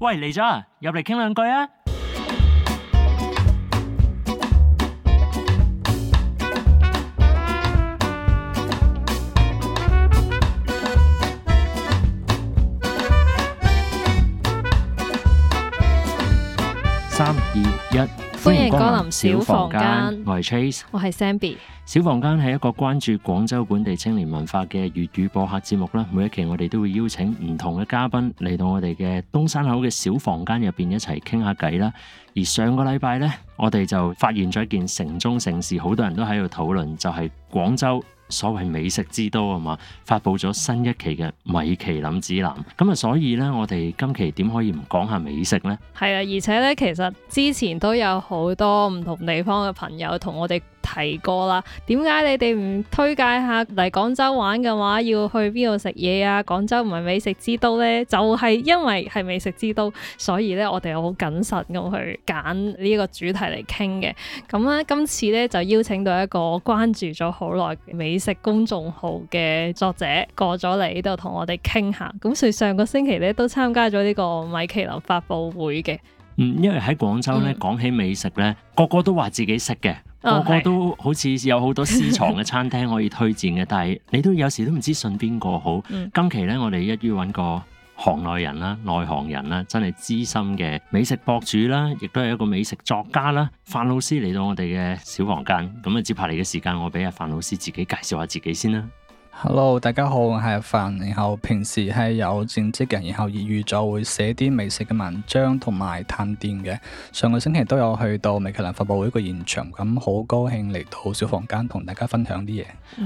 喂，嚟咗啊，入嚟傾兩句啊！小房間，我係 Trace，我係 Zenbi。小房間係一個關注廣州本地青年文化嘅粵語播客節目啦。每一期我哋都會邀請唔同嘅嘉賓嚟到我哋嘅東山口嘅小房間入邊一齊傾下偈啦。而上個禮拜呢，我哋就發現咗一件城中城事，好多人都喺度討論，就係、是、廣州。所謂美食之都啊嘛，發布咗新一期嘅米其林指南，咁啊，所以呢，我哋今期點可以唔講下美食呢？係啊，而且呢，其實之前都有好多唔同地方嘅朋友同我哋提過啦，點解你哋唔推介下嚟廣州玩嘅話，要去邊度食嘢啊？廣州唔係美食之都呢，就係因為係美食之都，所以咧我哋好謹慎咁去揀呢個主題嚟傾嘅。咁咧今次咧就邀請到一個關注咗好耐美食公眾號嘅作者過咗嚟呢度同我哋傾下。咁佢上個星期咧都參加咗呢個米其林發佈會嘅。因為喺廣州咧，講起美食咧，個個都話自己食嘅，個個都好似有好多私藏嘅餐廳可以推薦嘅，但係你都有時都唔知信邊個好。今期咧，我哋一於揾個行內人啦，內行人啦，真係資深嘅美食博主啦，亦都係一個美食作家啦，范老師嚟到我哋嘅小房間。咁啊，接下嚟嘅時間，我俾阿范老師自己介紹下自己先啦。Hello，大家好，我係范，然後平時係有正職嘅，然後粵語就會寫啲美食嘅文章同埋探店嘅。上個星期都有去到米其林發布會一個現場，咁好高興嚟到小房間同大家分享啲嘢。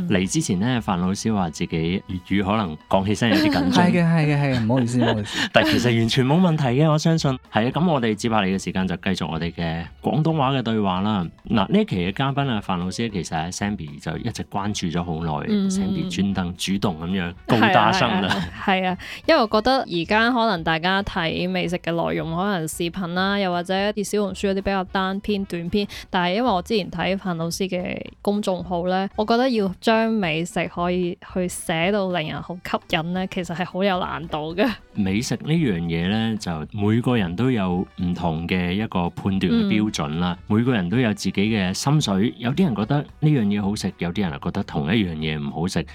嚟之前咧，范老師話自己粵語可能講起身有啲緊張。係嘅，係嘅，係嘅，唔好意思，唔好意思。但係其實完全冇問題嘅，我相信。係啊，咁我哋接下嚟嘅時間就繼續我哋嘅廣東話嘅對話啦。嗱，呢期嘅嘉賓啊，范老師其實 Zenbi 就一直關注咗好耐 Zenbi 轉凳主動咁樣高大聲啦，啊，係啊，啊，因為我覺得而家可能大家睇美食嘅內容，可能視頻啦，又或者一啲小紅書嗰啲比較單篇短篇，但係因為我之前睇范老師嘅公眾號咧，我覺得要將美食可以去寫到令人好吸引咧，其實係好有難度嘅。美食呢樣嘢咧，就每個人都有唔同嘅一個判斷嘅標準啦。嗯、每個人都有自己嘅心水，有啲人覺得呢樣嘢好食，有啲人啊覺得同一樣嘢唔好食。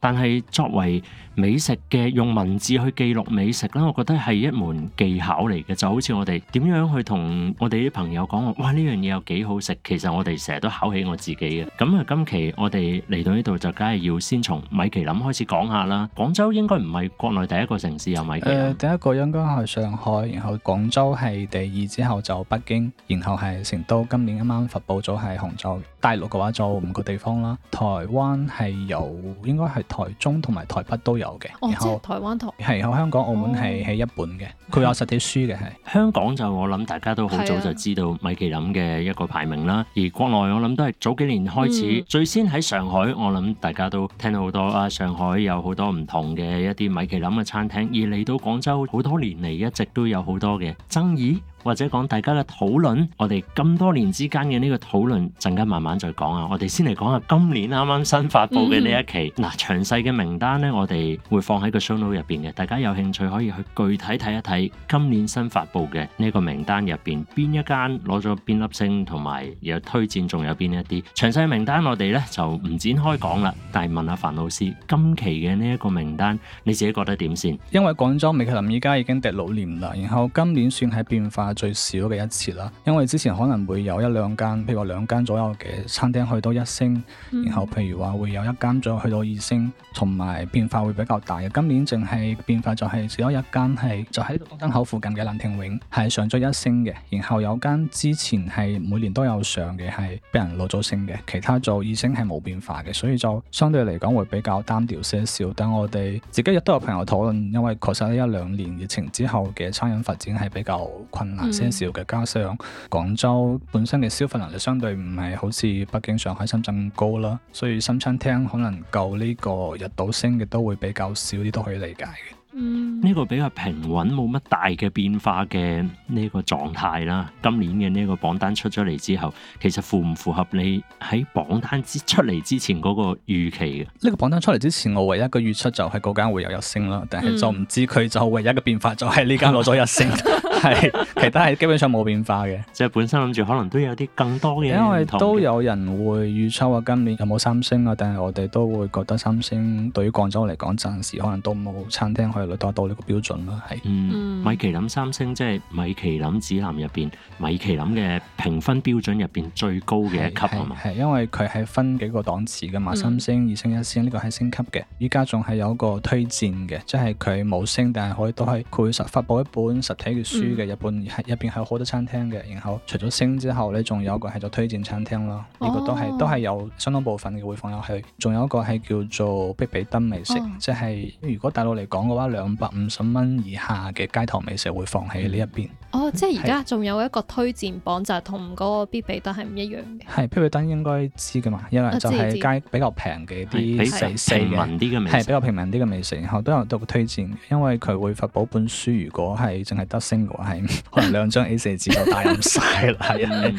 但係作為美食嘅用文字去記錄美食咧，我覺得係一門技巧嚟嘅，就好似我哋點樣去同我哋啲朋友講話，哇呢樣嘢有幾好食，其實我哋成日都考起我自己嘅。咁、嗯、啊，今期我哋嚟到呢度就梗係要先從米其林開始講下啦。廣州應該唔係國內第一個城市有米其林。呃，第一個應該係上海，然後廣州係第二，之後就北京，然後係成都。今年啱啱發布咗係杭州。大陸嘅話就五個地方啦，台灣係有，應該係。台中同埋台北都有嘅，哦，然後台灣台係，然後香港澳門係係、哦、一本嘅，佢有實體書嘅係。香港就我諗大家都好早就知道米其林嘅一個排名啦，係嘅，而國內我諗都係早幾年開始，嗯、最先喺上海，我諗大家都聽到好多啊，上海有好多唔同嘅一啲米其林嘅餐廳，而嚟到廣州好多年嚟一直都有好多嘅爭議。或者講大家嘅討論，我哋咁多年之間嘅呢個討論，陣間慢慢再講啊！我哋先嚟講下今年啱啱新發布嘅呢一期，嗱詳細嘅名單咧，我哋會放喺個 show note 入邊嘅，大家有興趣可以去具體睇一睇今年新發布嘅呢個名單入邊邊一間攞咗邊粒星，同埋有推薦仲有邊一啲詳細名單我呢，我哋咧就唔展開講啦。但係問下范、啊、老師，今期嘅呢一個名單，你自己覺得點先？因為廣州米其林依家已經第六年啦，然後今年算係變化最少嘅一次啦，因為之前可能會有一兩間，譬如話兩間左右嘅餐廳去到一星，嗯、然後譬如話會有一間左右去到二星，同埋變化會比較大。今年淨係變化就係只有一間係，就喺東山口附近嘅蘭亭永係上咗一星嘅，然後有間之前係每年都有上嘅係俾人落咗星嘅，其他做二星係冇變化嘅，所以就相對嚟講會比較單調些少。但係我哋自己亦都有朋友討論，因為確實呢一兩年疫情之後嘅餐飲發展係比較困難。上少嘅，加上、嗯、廣州本身嘅消費能力相對唔係好似北京、上海、深圳咁高啦，所以新餐廳可能夠呢個入到星嘅都會比較少啲，都可以理解嘅。嗯，呢個比較平穩，冇乜大嘅變化嘅呢個狀態啦。今年嘅呢個榜單出咗嚟之後，其實符唔符合你喺榜單之出嚟之前嗰個預期嘅？呢個榜單出嚟之前，我唯一嘅預測就係嗰間會有一星啦，但係就唔知佢就唯一嘅變化就係呢間攞咗一星。嗯 係， 其他係基本上冇變化嘅。即係本身諗住可能都有啲更多嘅，因為都有人會預測話今年有冇三星啊？但係我哋都會覺得三星對於廣州嚟講，暫時可能都冇餐廳可以攞到呢個標準咯、啊。係。嗯，米其林三星即係米其林指南入邊，米其林嘅評分標準入邊最高嘅一級係，因為佢係分幾個檔次噶嘛，嗯、三星、二星、一星呢、這個係星級嘅。依家仲係有一個推薦嘅，即係佢冇星但係可以都係佢實發布一本實體嘅書。嗯嘅入邊係入邊係好多餐廳嘅，然後除咗星之後咧，仲有一個係做推薦餐廳咯，呢個都係都係有相當部分嘅會放入去。仲有一個係叫做必比登美食，即係如果大陸嚟講嘅話，兩百五十蚊以下嘅街頭美食會放喺呢一邊。哦，即係而家仲有一個推薦榜就係同嗰個必比登係唔一樣嘅。係必比登應該知嘅嘛，因為就係街比較平嘅啲食平啲嘅美食，係比較平民啲嘅美食，然後都有做推薦，因為佢會發布本書，如果係淨係得星嘅。係可能兩張 A4 紙都打唔曬啦。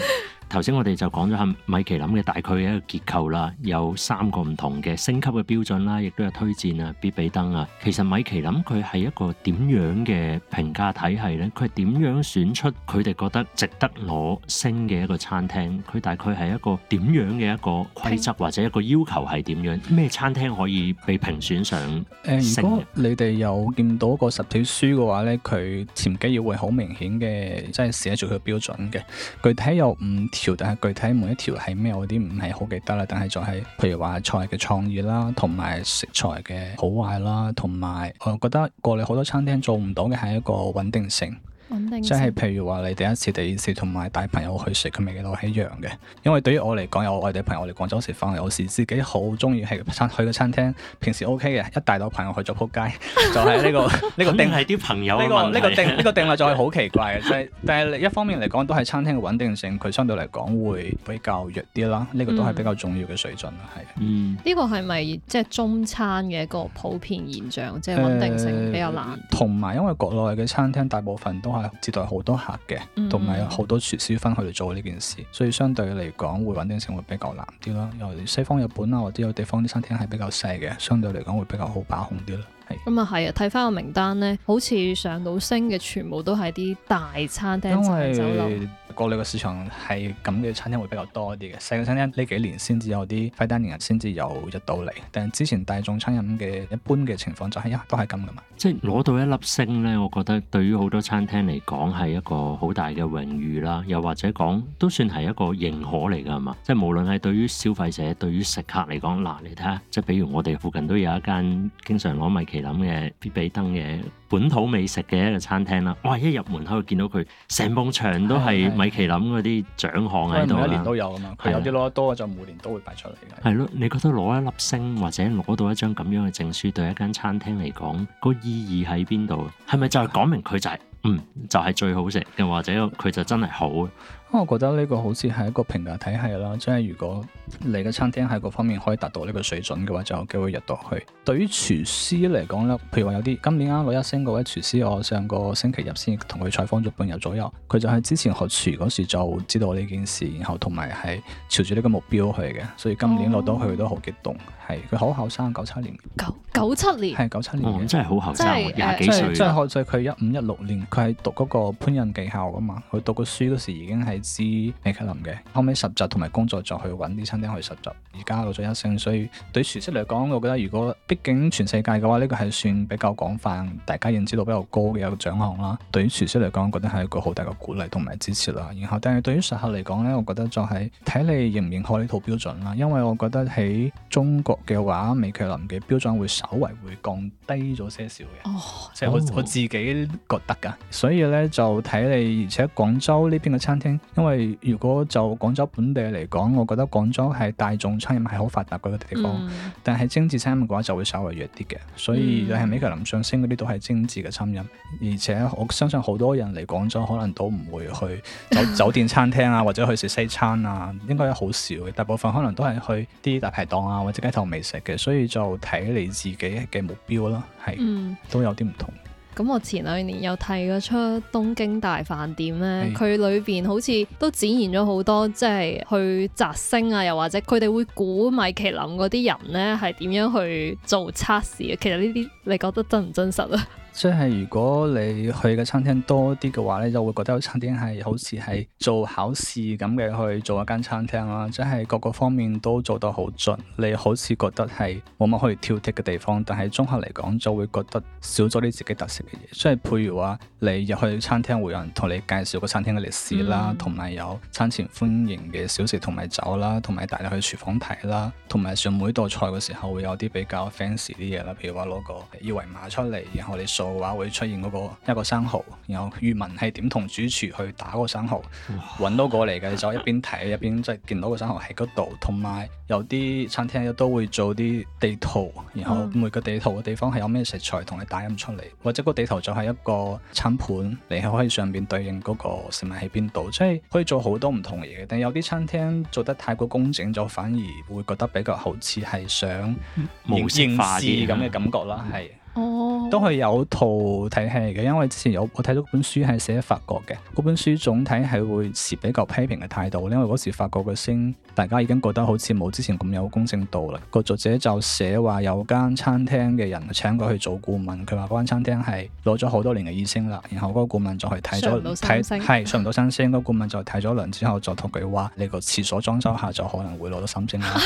頭先我哋就講咗下米其林嘅大概嘅一個結構啦，有三個唔同嘅升級嘅標準啦，亦都有推薦啊、必比登啊。其實米其林佢係一個點樣嘅評價體系呢？佢係點樣選出佢哋覺得值得攞星嘅一個餐廳？佢大概係一個點樣嘅一個規則或者一個要求係點樣？咩餐廳可以被評選上？誒、呃，如果你哋有見到個實體書嘅話呢，佢前幾頁會好明顯嘅，即係寫住佢標準嘅，具體有五。但係具體每一條係咩，我啲唔係好記得啦。但係就係譬如話菜嘅創意啦，同埋食材嘅好壞啦，同埋我覺得過嚟好多餐廳做唔到嘅係一個穩定性。即係譬如話你第一次、第二次同埋帶朋友去食，佢味道係一樣嘅。因為對於我嚟講，有外地朋友嚟廣州食飯，有時自己好中意係餐去個餐廳，平時 O K 嘅。一帶到朋友去咗仆街，就係、是、呢、這個呢 個定係啲 朋友呢、這個這個定呢、這個定位、這個、就係好奇怪嘅、 就是。但係一方面嚟講，都係餐廳嘅穩定性，佢相對嚟講會比較弱啲啦。呢、這個都係比較重要嘅水準係。呢、嗯嗯、個係咪即係中餐嘅一個普遍現象，即係穩定性比較難。同埋、嗯、因為國內嘅餐廳大部分都係接待好多客嘅，同埋有好多廚師分去嚟做呢件事，嗯嗯，所以相對嚟講會穩定性會比較難啲咯。又西方、日本啊，或者有地方啲餐廳係比較細嘅，相對嚟講會比較好把控啲咯。係咁啊，係啊，睇翻個名單咧，好似上到星嘅全部都係啲大餐廳，因為酒樓。國內市場係咁嘅餐廳會比較多啲嘅，細嘅餐廳呢幾年先至有啲快單年人先至有入到嚟，但係之前大眾餐飲嘅一般嘅情況就係、呀、都係咁噶嘛。即係攞到一粒星呢，我覺得對於好多餐廳嚟講係一個好大嘅榮譽啦，又或者講都算係一個認可嚟㗎，係嘛？即係無論係對於消費者、對於食客嚟講，嗱、呃，你睇下，即係比如我哋附近都有一間經常攞米其林嘅必比登嘅。本土美食嘅一個餐廳啦，哇！一入門口就見到佢成埲牆都係米其林嗰啲獎項喺度啦。啊啊啊、一年都有啊嘛，係有啲攞得多、啊、就每年都會擺出嚟。係咯、啊，你覺得攞一粒星或者攞到一張咁樣嘅證書對一間餐廳嚟講、個意義喺邊度？係咪就係講明佢就係、係、嗯就係、係、最好食，又或者佢就真係好？我覺得呢個好似係一個評價體系啦。即係如果你嘅餐廳喺各方面可以達到呢個水準嘅話，就有機會入到去。對於廚師嚟講咧，譬如話有啲今年啱攞一星嗰位廚師，我上個星期入先同佢採訪咗半日左右，佢就係之前學廚嗰時就知道呢件事，然後同埋係朝住呢個目標去嘅，所以今年落到去都好激動。係，佢好後生，九七年。九九七年。係九七年。真係好後生，廿幾歲。真係學咗佢一五一六年，佢係讀嗰個烹飪技校噶嘛。佢讀個書嗰時已經係知米其林嘅。後尾實習同埋工作再去揾啲餐廳去實習。而家攞咗一星，所以對廚師嚟講，我覺得如果畢竟全世界嘅話，呢個係算比較廣泛，大家認知度比較高嘅一個獎項啦。對於廚師嚟講，我覺得係一個好大嘅鼓勵同埋支持啦。然後，但係對於食客嚟講呢，我覺得就係睇你認唔認可呢套標準啦。因為我覺得喺中國，嘅話，米其林嘅標準會稍微會降低咗些少嘅，oh. Oh. 即係我我自己覺得噶，所以咧就睇你，而且廣州呢邊嘅餐廳，因為如果就廣州本地嚟講，我覺得廣州係大眾餐飲係好發達嘅一個地方，mm. 但係精致餐飲嘅話就會稍微弱啲嘅。所以係米其林上升嗰啲都係精致嘅餐飲，mm. 而且我相信好多人嚟廣州可能都唔會去酒 酒店餐廳啊，或者去食西餐啊，應該好少嘅。大部分可能都係去啲大排檔啊，或者街頭。未食嘅，所以就睇你自己嘅目標啦，係都有啲唔同。咁我前兩年有睇過出《東京大飯店》咧，佢裏邊好似都展現咗好多，即係去摘星啊，又或者佢哋會估米其林嗰啲人咧，係點樣去做測試啊？其實呢啲你覺得真唔真實啊？即係如果你去嘅餐廳多啲嘅話咧，就會覺得餐廳係好似係做考試咁嘅去做一間餐廳啦。即係各個方面都做得好盡，你好似覺得係冇乜可以挑剔嘅地方，但係綜合嚟講就會覺得少咗啲自己特色嘅嘢。即係譬如話，你入去餐廳會有人同你介紹個餐廳嘅歷史啦，同埋、嗯、有，有餐前歡迎嘅小食同埋酒啦，同埋帶你去廚房睇啦，同埋上每道菜嘅時候會有啲比較 fancy 啲嘢啦。譬如話攞個二維碼出嚟，然後你。嘅話會出現嗰個一個生蠔，然後漁民係點同主廚去打嗰個生蠔，揾、嗯、到過嚟嘅就一邊睇、啊、一邊即係見到個生蠔喺嗰度，同埋有啲餐廳亦都會做啲地圖，然後每個地圖嘅地方係有咩食材同你打印出嚟，或者個地圖就係一個餐盤，你係可以上邊對應嗰個食物喺邊度，即係可以做好多唔同嘢。但有啲餐廳做得太過工整咗，反而會覺得比較好似係想模式化咁嘅感覺啦，係。都有係有套睇戲嘅，因為之前有我睇到本書係寫法國嘅，嗰本書總體係會持比較批評嘅態度，因為嗰時法國嘅星大家已經覺得好似冇之前咁有公正度啦。個作者就寫話有間餐廳嘅人請佢去做顧問，佢話嗰間餐廳係攞咗好多年嘅二生啦，然後嗰個顧問就去睇咗睇，係上唔到三星。個 顧問就睇咗輪之後，就同佢話：你個廁所裝修下就可能會攞到三星啦。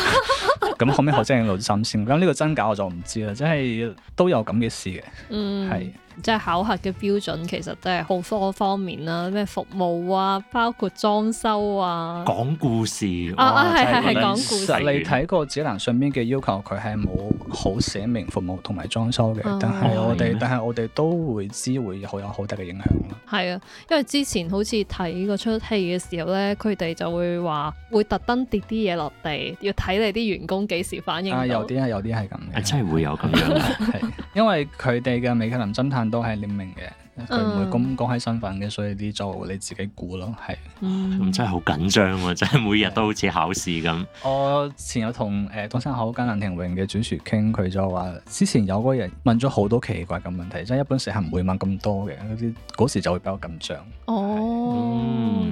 咁後尾，佢真係攞到三星，咁呢個真假我就唔知啦，即係都有咁。咁嘅事嘅，係。嗯。即係考核嘅標準其實都係好多方面啦，啊，咩服務啊，包括裝修啊。講故事啊，啊，係，係，係講故事。你睇過指南上邊嘅要求，佢係冇好寫明服務同埋裝修嘅，但係我哋、嗯、但係我哋都會知會有好大嘅影響咯。係啊，因為之前好似睇個齣戲嘅時候咧，佢哋就會話會特登跌啲嘢落地，要睇你啲員工幾時反應啊，有啲係有啲係咁嘅，真係會有咁樣，係 因為佢哋嘅《米芝蓮偵探》。都係匿名嘅。佢唔會咁講起身份嘅，所以啲做你自己估咯，係。咁、嗯、真係好緊張喎、啊，真係每日都好似考試咁。 我前日、呃、同誒東山口間蘭亭榮嘅主廚傾，佢就話之前有個人問咗好多奇怪嘅問題，即、就、係、是、一般食客唔會問咁多嘅，嗰啲嗰時就會比較緊張。哦，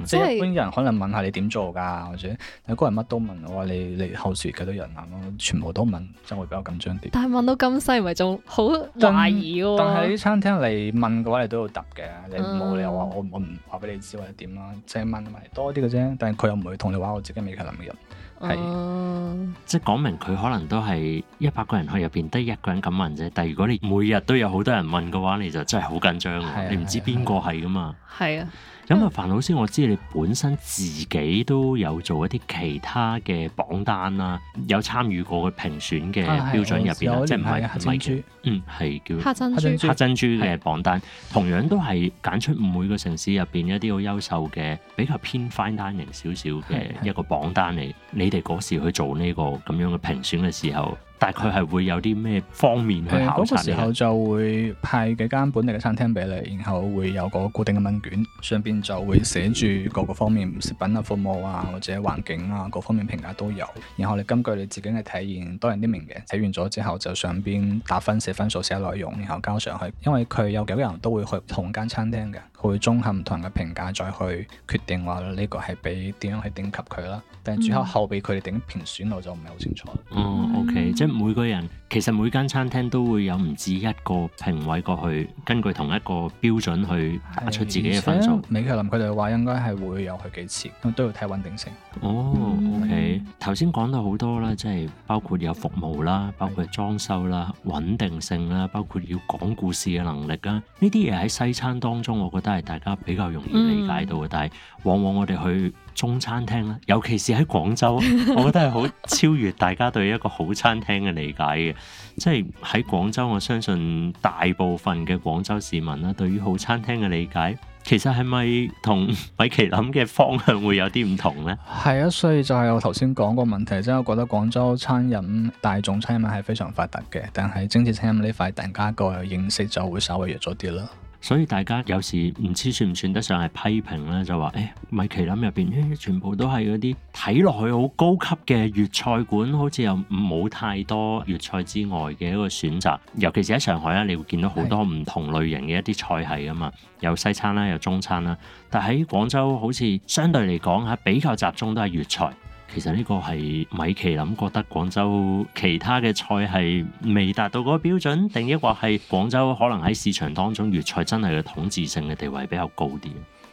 是嗯、即係一般人可能問下你點做㗎，或者有個人乜都問，我話你你，你後廚幾多人啊，全部都問就會比較緊張啲、啊。但係問到咁細，唔係仲好懷疑喎。但係啲餐廳嚟問嘅話，都要答嘅，你冇理由話我我唔話俾你知或者點咯，即係問埋多啲嘅啫。但係佢又唔會同你話我自己未咪佢諗嘅人，係 即係講明佢可能都係一百個人去入邊得一個人敢問啫。但係如果你每日都有好多人問嘅話，你就真係好緊張㗎，啊、你唔知邊個係㗎嘛。係啊。咁啊，范老師，我知你本身自己都有做一啲其他嘅榜單啦，有參與過嘅評選嘅標準入邊即係唔係唔係嘅，嗯，係叫黑珍珠、黑珍珠嘅榜單，是同樣都係揀出每個城市入邊一啲好優秀嘅，比較偏 fine dining 型少少嘅一個榜單嚟。是是你哋嗰時去做呢個咁樣嘅評選嘅時候，是嗯大概係會有啲咩方面去考察？嗰、那個、時候就會派幾間本地嘅餐廳俾你，然後會有個固定嘅問卷，上邊就會寫住各個方面，食品啊、服務啊或者環境啊各方面評價都有。然後你根據你自己嘅體驗，多人啲明嘅睇完咗之後，就上邊打分、寫分數、寫內容，然後交上去。因為佢有幾個人都會去同間餐廳嘅。會綜合唔同嘅評價，再去決定話呢個係俾點樣去頂級佢啦。但係最後後邊佢哋點評選，我就唔係好清楚。嗯，嗯，OK，即係每個人其實每間餐廳都會有唔止一個評委過去，根據同一個標準去打出自己嘅分數。米其林佢哋話應該係會有去幾次，都要睇穩定性。哦、嗯、OK，頭先講到好多啦，即係包括有服務啦，包括裝修啦，穩定性啦，包括要講故事嘅能力啦，呢啲嘢喺西餐當中，我覺得係大家比較容易理解到嘅，但係往往我哋去中餐廳咧，尤其是喺廣州，我覺得係好超越大家對一個好餐廳嘅理解嘅。即係喺廣州，我相信大部分嘅廣州市民咧，對於好餐廳嘅理解，其實係咪同米其林嘅方向會有啲唔同呢？係啊，所以就係我頭先講個問題，即係我覺得廣州餐飲，大眾餐飲係非常發達嘅，但係精緻餐飲呢塊，大家個認識就會稍微弱咗啲啦。所以大家有時唔知算唔算得上係批評咧，就話誒、哎、米其林入邊全部都係嗰啲睇落去好高級嘅粵菜館，好似又冇太多粵菜之外嘅一個選擇。尤其是喺上海咧，你會見到好多唔同類型嘅一啲菜系啊嘛，是有西餐啦，有中餐啦。但喺廣州好似相對嚟講係比較集中都係粵菜。其實呢個係米其林覺得廣州其他嘅菜系未達到嗰個標準，定抑或係廣州可能喺市場當中粵菜真係嘅統治性嘅地位比較高啲？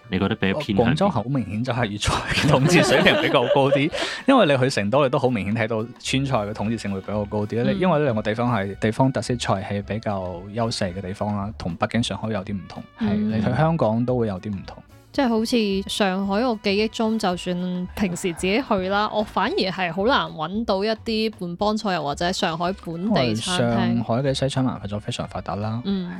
你覺得比較偏廣州好明顯就係粵菜嘅統治水平比較高啲， 因為你去成都你都好明顯睇到川菜嘅統治性會比較高啲。嗯、因為呢兩個地方係地方特色菜係比較優勢嘅地方啦，同北京、上海有啲唔同，嗯、你去香港都會有啲唔同。即係好似上海，我記憶中就算平時自己去啦，的我反而係好難揾到一啲本幫菜又或者上海本地菜。上海嘅西餐文化就非常發達啦，係、嗯。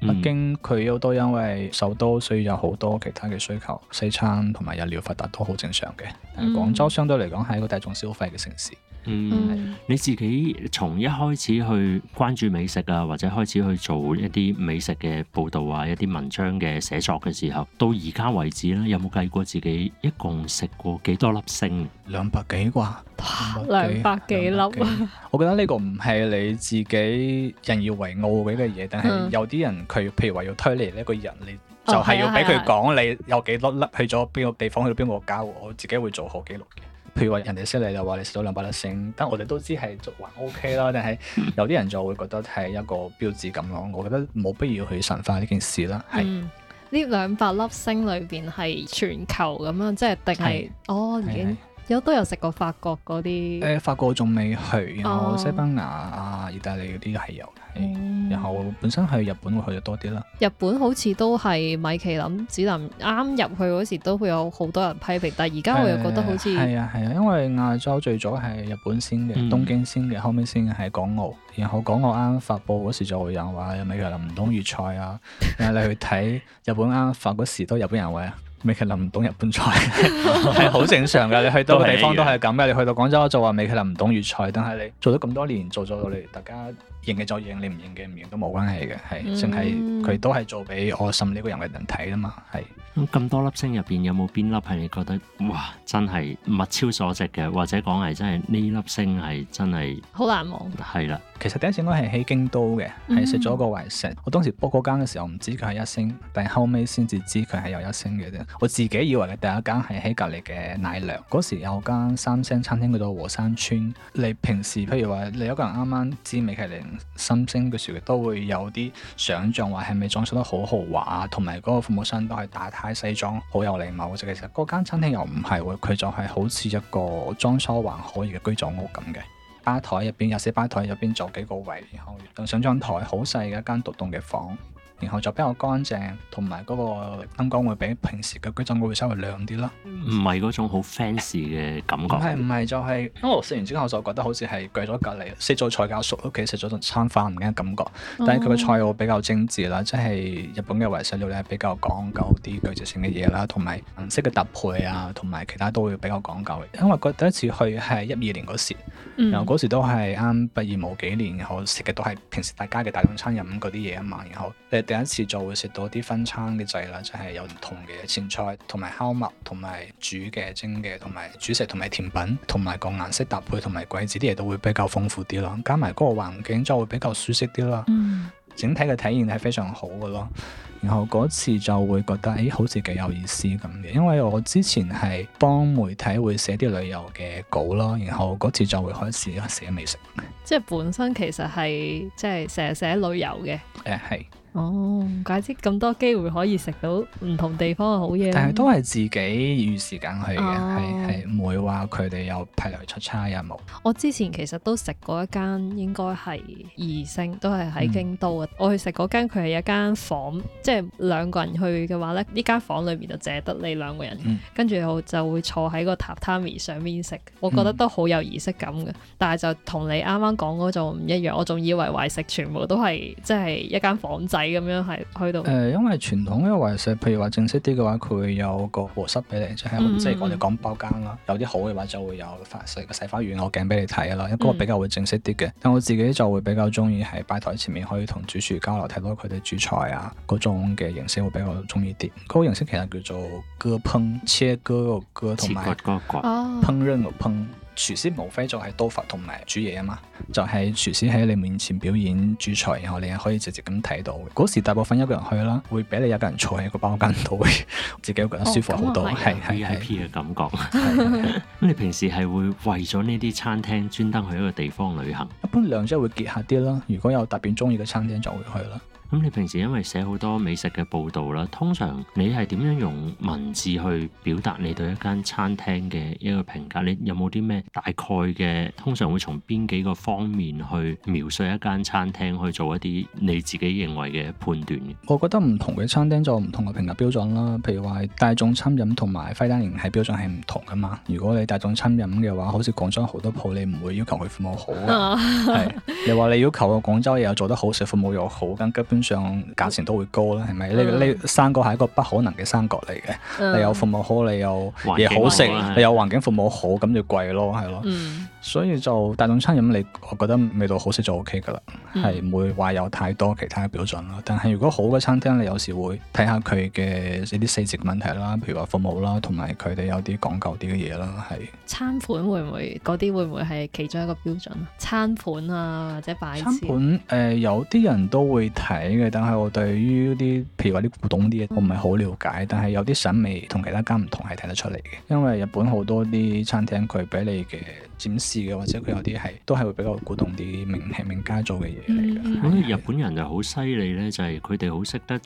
北京佢好多因為首都，所以有好多其他嘅需求，西餐同埋日料發達都好正常嘅。但係廣州相對嚟講係一個大眾消費嘅城市。嗯，嗯，你自己從一開始去關注美食啊，或者開始去做一啲美食嘅報道啊、嗯、一啲文章嘅寫作嘅時候，到而家為止咧，有冇計過自己一共食過幾多粒星？兩百幾啩，兩百幾粒。我覺得呢個唔係你自己引以為傲嘅嘢，但係有啲人。佢譬如話要推你呢個人，你就係、是、要俾佢講你有幾多粒，哦啊啊、去咗邊個地方，去到邊個國家。我自己會做好記錄嘅。譬如話人哋識你，就話你食咗兩百粒星，但我哋都知係還 OK 啦。但係 有啲人就會覺得係一個標誌咁咯。我覺得冇必要去神化呢件事啦。係呢兩百粒星裏邊係全球咁樣，即係定係哦的已經。有都有食過法國嗰啲，誒、呃、法國仲未去，然後西班牙啊，啊、意大利嗰啲係有嘅，嗯、然後本身去日本會去得多啲啦。日本好似都係米其林指南啱入去嗰時都會有好多人批評，但係而家我又覺得好似係、嗯、啊係啊，啊，因為亞洲最早係日本先嘅，嗯、東京先嘅，後尾先係港澳，然後港澳啱啱發佈嗰時就會有人話米其林唔懂粵菜啊，但係 你去睇日本啱發嗰時都日本人位啊。米其林唔懂日本菜，係好正常嘅。你去到個地方都係咁嘅。你去到廣州就話米其林唔懂粵菜，但係你做咗咁多年，做咗我哋大家認嘅就認，你唔認嘅唔認都冇關係嘅，係淨係佢都係做俾我信呢個人為人睇啊嘛，係。咁咁多粒星入邊有冇邊粒係你覺得哇真係物超所值嘅，或者講係真係呢粒星係真係好難忘，係啦。其實第一次我係喺京都嘅，係食咗個懷石。我當時 book 嗰間嘅時候，唔知佢係一星，但係後尾先至知佢係有一星嘅啫。我自己以為嘅第一間係喺隔離嘅奈良，嗰時有間三星餐廳叫做和山村。你平時譬如話，你一個人啱啱知米其林三星嘅時候，都會有啲想像話係咪裝修得好豪華啊，同埋嗰個服務生都係打呔西裝，好有禮貌嘅啫。其實嗰間餐廳又唔係喎，佢就係好似一個裝修還可以嘅居酒屋咁嘅。吧台入邊，有四吧台入邊坐幾個位，然後上張台，好細嘅一間獨棟嘅房。然後就比較乾淨，同埋嗰個燈光會比平時嘅居酒屋會稍微亮啲咯。唔係嗰種好 fancy 嘅感覺。唔係唔係，就係我食完之後就覺得好似係居咗隔離，食咗菜家熟，屋企食咗頓餐飯唔驚嘅感覺。但係佢嘅菜我比較精緻啦，哦、即係日本嘅為食料咧比較講究啲具體性嘅嘢啦，同埋顏色嘅搭配啊，同埋其他都會比較講究。因為我第一次去係一二年嗰時，嗯、然後嗰時都係啱畢業冇幾年，然後我食嘅都係平時大家嘅大眾餐飲嗰啲嘢啊嘛，然後第一次就會食到啲分餐嘅制啦，就係、是、有唔同嘅前菜，同埋烤麥，同埋煮嘅、蒸嘅，同埋主食，同埋甜品，同埋個顏色搭配，同埋餃子啲嘢都會比較豐富啲咯。加埋嗰個環境就會比較舒適啲咯。嗯、整體嘅體驗係非常好嘅咯。然後嗰次就會覺得，咦、欸，好似幾有意思咁嘅。因為我之前係幫媒體會寫啲旅遊嘅稿咯，然後嗰次就會開始寫美食。即係本身其實係即係成日寫旅遊嘅。誒係、嗯。哦，怪之咁多機會可以食到唔同地方嘅好嘢，但係都係自己預時間去嘅，係係唔會話佢哋有派嚟出差任務。我之前其實都食過一間應該係二星都係喺京都嘅。嗯、我去食嗰間，佢係一間房，即係兩個人去嘅話咧，呢間房裏面就淨得你兩個人，跟住就就會坐喺個榻榻米上面食。我覺得都好有儀式感嘅，但係就同你啱啱講嗰種唔一樣，我仲以為話食全部都係即係一間房仔咁樣係去到，誒、呃，因為傳統嘅懷石，譬如話正式啲嘅話，佢會有個和室俾你，即係、嗯、即係我哋講包間啦。有啲好嘅話就會有發細個洗花園我鏡俾你睇啦。一個啊比較會正式啲嘅，嗯、但我自己就會比較中意喺擺台前面可以同主廚交流，睇到佢哋煮菜啊，嗰種嘅形式會比較中意啲。嗰、那個形式其實叫做割烹，切割個割同埋烹飪個烹。廚師無非就係刀法同埋煮嘢啊嘛，就係、是、廚師喺你面前表演煮菜，然後你係可以直接咁睇到。嗰時大部分一個人去啦，會俾你一個人坐喺個包間度，自己會覺得舒服好多，係 V I P 嘅感覺。咁你平時係會為咗呢啲餐廳專登去一個地方旅行？ 一般兩者係會結合啲咯，如果有特別中意嘅餐廳就會去啦。咁、嗯、你平時因為寫好多美食嘅報道啦，通常你係點樣用文字去表達你對一間餐廳嘅一個評價？你有冇啲咩大概嘅？通常會從邊幾個方面去描述一間餐廳，去做一啲你自己認為嘅判斷？我覺得唔同嘅餐廳做唔同嘅評價標準啦。譬如話大眾餐飲同埋 fine dining 係標準係唔同㗎嘛。如果你大眾餐飲嘅話，好似廣州好多鋪，你唔會要求佢服務好嘅、啊。係又話你要求個廣州嘢又做得好，食服務又好，咁上價錢都會高啦，係咪？呢呢、嗯、三角係一個不可能嘅三角嚟嘅，嗯、你有服務好，你有嘢好食，好啊、你有環境服務好，咁就貴咯，係咯。嗯。所以就大眾餐飲，你我覺得味道好食就 OK 噶啦係唔、嗯、會話有太多其他嘅標準啦。但係如果好嘅餐廳，你有時會睇下佢嘅呢啲細節問題啦，譬如話服務啦，同埋佢哋有啲講究啲嘅嘢啦，係餐盤會唔會嗰啲會唔會係其中一個標準啊？餐盤啊，或者擺盤。餐盤誒、呃、有啲人都會睇嘅，但係我對於啲譬如話啲古董啲嘢、嗯，我唔係好了解。但係有啲審美同其他間唔同係睇得出嚟嘅，因為日本好多啲餐廳，佢俾你嘅或者佢有啲係都係會比較古董啲名名家做嘅嘢嚟嘅，咁、嗯、我覺得日本人就好犀利咧，就係佢哋好識得。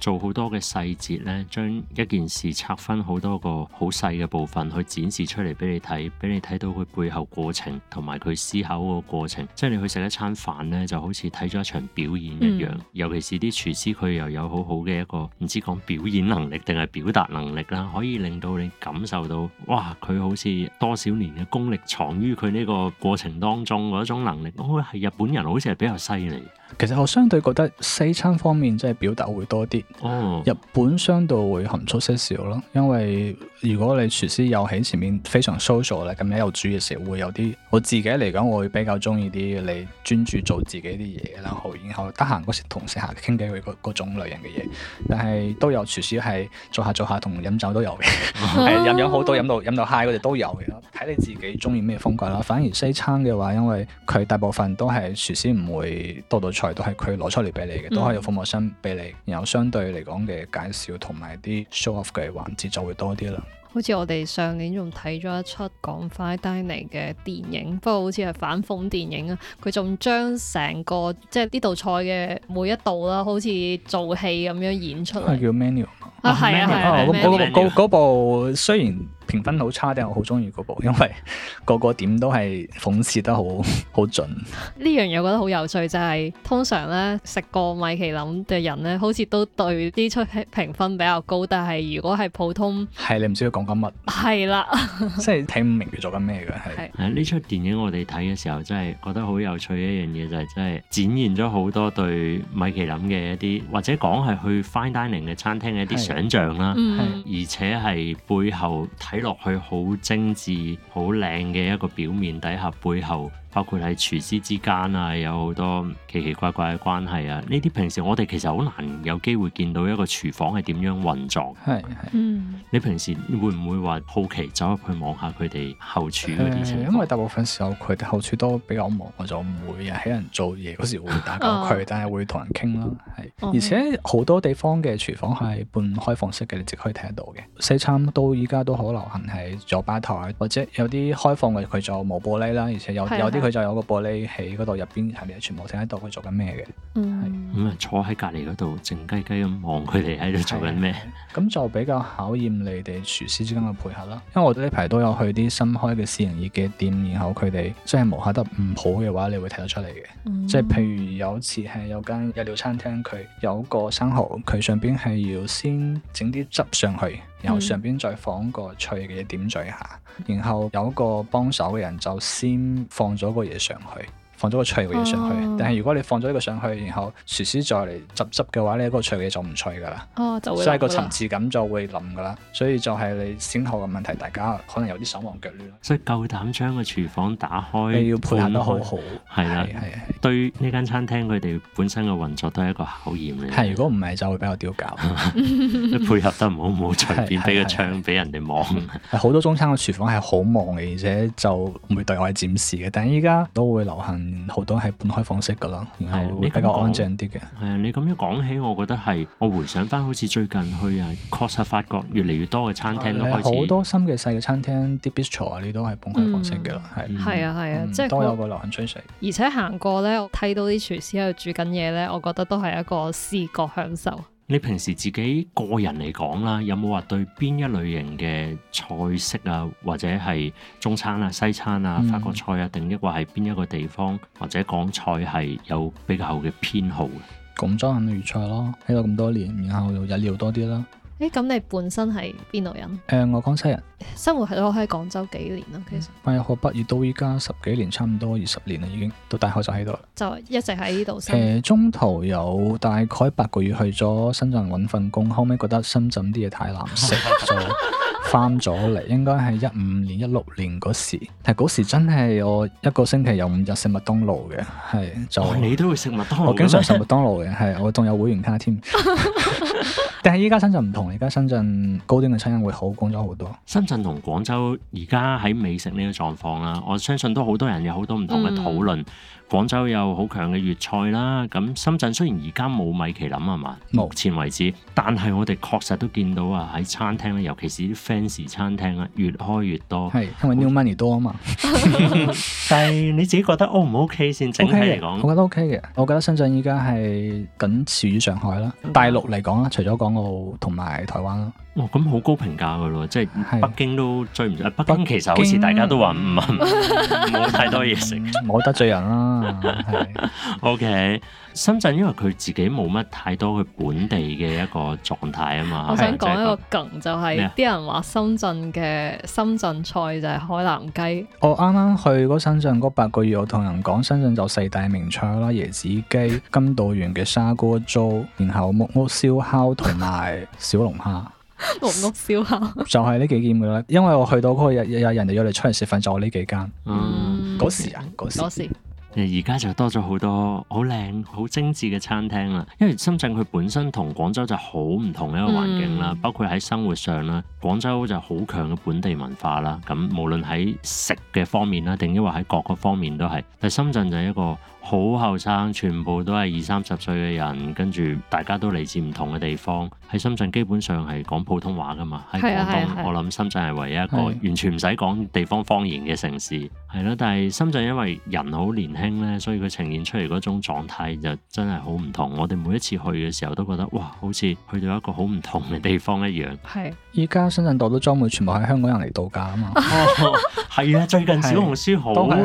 做好多嘅細節咧，將一件事拆分好多個好細嘅部分去展示出嚟俾你睇，俾你睇到佢背後過程同埋佢思考個過程。即係你去食一餐飯咧，就好似睇咗一場表演一樣。嗯、尤其是啲廚師佢又有好好嘅一個唔知講表演能力定係表達能力啦，可以令到你感受到，哇！佢好似多少年嘅功力藏於佢呢個過程當中嗰種能力。我覺得係日本人好似係比較犀利。其實我相對覺得西餐方面即係表達會多啲，哦、日本相對會含蓄些少咯。因為如果你廚師又喺前面非常 social 咧，咁你又煮嘅時候會有啲。我自己嚟講，我會比較中意啲你專注做自己啲嘢啦，好。然後得閒嗰時同食客傾偈，句嗰嗰種類型嘅嘢。但係都有廚師係做下做下同飲酒都有嘅，飲飲好多飲到飲到 high 嗰啲都有嘅。睇你自己中意咩風格啦。反而西餐嘅話，因為佢大部分都係廚師唔會多多都係佢攞出嚟俾你嘅，都係有服務生俾你，然後相對嚟講嘅介紹同埋啲 show off 嘅環節就會多啲啦。好似我哋上年仲睇咗一出講 fine dining 嘅電影，不過好似係反諷電影啊。佢仲將成個即係呢道菜嘅每一道啦，好似做戲咁樣演出嚟。叫 menu 啊，係啊係啊，咁嗰嗰部雖然。評分好差，定我好中意嗰部，因為個個點都係諷刺得好好準。呢樣嘢我覺得好有趣，就係、是、通常咧食過米其林嘅人咧，好似都對呢出評分比較高，但係如果係普通，係你唔知佢講緊乜，係是啦， 即係睇唔明佢做緊咩嘅。係，呢出電影我哋睇嘅時候，真係覺得好有趣嘅一樣嘢就係、是，真係展現咗好多對米其林嘅一啲，或者講係去 fine dining 嘅餐廳嘅一啲想像啦，的嗯、而且係背後。睇落去好精緻，好靚嘅一個表面底下背後。包括喺廚師之間啊，有好多奇奇怪怪嘅關係啊。呢啲平時我哋其實好難有機會見到一個廚房係點樣運作。係係，嗯。你平時會唔會話好奇走入去望下佢哋後廚嗰啲？因為大部分時候佢哋後廚都比較忙，我就唔會啊。喺人做嘢嗰時會打攪佢， 但係會同人傾啦。係， 而且好多地方嘅廚房係半開放式嘅，你直可以睇得到嘅。西餐都而家都好流行係做吧台，或者有啲開放嘅佢就冇玻璃啦，而且有有啲。的佢就有個玻璃喺嗰度入邊，係咪全部停喺度佢做緊咩嘅？嗯，咁啊係、嗯、坐喺隔離嗰度靜雞雞咁望佢哋喺度做緊咩？咁就比較考驗你哋廚師之間嘅配合啦。因為我哋呢排都有去啲新開嘅私人嘅店，然後佢哋即係磨合得唔好嘅話，你會睇得出嚟嘅。嗯、即係譬如有次係有間日料餐廳，佢有個生蠔，佢上邊係要先整啲汁上去。然後上邊再放一個脆嘅嘢點綴下，然後有一個幫手嘅人就先放咗個嘢上去。放咗個脆嘅嘢上去，但係如果你放咗呢個上去，然後廚師再嚟執執嘅話呢，嗰個脆嘅嘢就唔脆噶啦，就係個層次感就會冧噶啦。所以就係你先後嘅問題，大家可能有啲手忙腳亂。所以夠膽將個廚房打開，你要配合得好好。係啦，係啊。對呢間餐廳佢哋本身嘅運作都係一個考驗嚟。係，如果唔係就會比較刁搞。配合得唔好唔好，隨便俾個窗俾人哋望。好多中餐嘅廚房係好忙嘅，而且就唔會對外展示嘅。但係依家都會流行。好多係半開放式噶咯，然後的比較安靜啲嘅。係啊，你咁樣講起，我覺得係，我回想翻好似最近去啊，確實發覺越嚟越多嘅餐廳，都開好多新嘅細嘅餐廳，啲 bistro 啊，你都係半開放式嘅啦，係係啊係啊，嗯、即係多有個流行趨勢。而且行過咧，我睇到啲廚師喺度煮緊嘢咧，我覺得都係一個視覺享受。你平時自己個人嚟講啦，有冇話對邊一類型嘅菜式啊，或者係中餐啊、西餐啊、法國菜啊，定抑或係邊一個地方或者講菜系有比較好嘅偏好嘅？廣州肯定粵菜咯，喺度咁多年，然後又日料多啲啦。咁你本身係邊度人？誒、呃，我廣西人，生活喺我喺廣州幾年咯，其實。翻入、嗯、大學畢業到依家十幾年，差唔多二十年啦，已經。到大學就喺度啦。就一直喺呢度食。誒、呃，中途有大概八個月去咗深圳搵份工，後尾覺得深圳啲嘢太難食， 就翻咗嚟。 應該係一五年、一六年嗰時，但嗰時真係我一個星期有五日食麥當勞嘅，係就。哎、你都會食麥當勞？我經常食麥當勞嘅，係 我仲有會員卡添。 但係依家深圳唔同，而家深圳高端嘅餐飲會好講咗好多。深圳同廣州而家喺美食呢個狀況啦，我相信都好多人有好多唔同嘅討論。嗯廣州有好強嘅粵菜啦，咁深圳雖然而家冇米其林啊嘛，有目前為止，但係我哋確實都見到啊喺餐廳咧，尤其是啲 French 餐廳啊，越開越多，係因為 new money 多啊嘛。 但係你自己覺得 O 唔 O K 先？整體嚟講，okay, okay，我覺得 O K 嘅。我覺得深圳依家係僅次於上海啦，大陸嚟講啦，除咗港澳同埋台灣啦。哇！咁好、哦、高評價嘅咯，即係北京都追唔上。是北京其實好似大家都話唔係唔冇太多嘢食，冇、嗯、得罪人啦。 是 o、okay, K.，深圳因為佢自己冇乜太多佢本地嘅一個狀態啊嘛。我想講一個梗、啊，就係啲人話深圳嘅深圳菜就係海南雞。我啱啱去嗰深圳嗰八個月，我同人講深圳就四大名菜啦：椰子雞、金道園嘅砂鍋粥，然後木屋燒烤同埋小龍蝦。 紅屋燒烤就係呢幾件噶啦，因為我去到嗰、嗰個日日日人哋約你出嚟食飯就我呢幾間。嗯，嗰時啊，嗰時時，而家就多咗好多好靚好精緻嘅餐廳啦。因為深圳佢本身同廣州就好唔同一個環境啦，嗯、包括喺生活上啦，廣州就好強嘅本地文化啦。咁無論喺食嘅方面啦，定抑或喺各個方面都係。但係深圳就係一個。好後生，全部都係二三十歲嘅人，跟住大家都嚟自唔同嘅地方。喺深圳基本上係講普通話㗎嘛，喺廣東是的是我諗深圳係唯一一個是的 完全唔使講地方方言嘅城市，係咯的。但係深圳因為人好年輕咧，所以佢呈現出嚟嗰種狀態就真係好唔同。我哋每一次去嘅時候都覺得哇，好似去到一個好唔同嘅地方一樣。係的，依家深圳度都裝滿全部係香港人嚟度假啊嘛。係啊、 哦哦，最近小紅書好多呢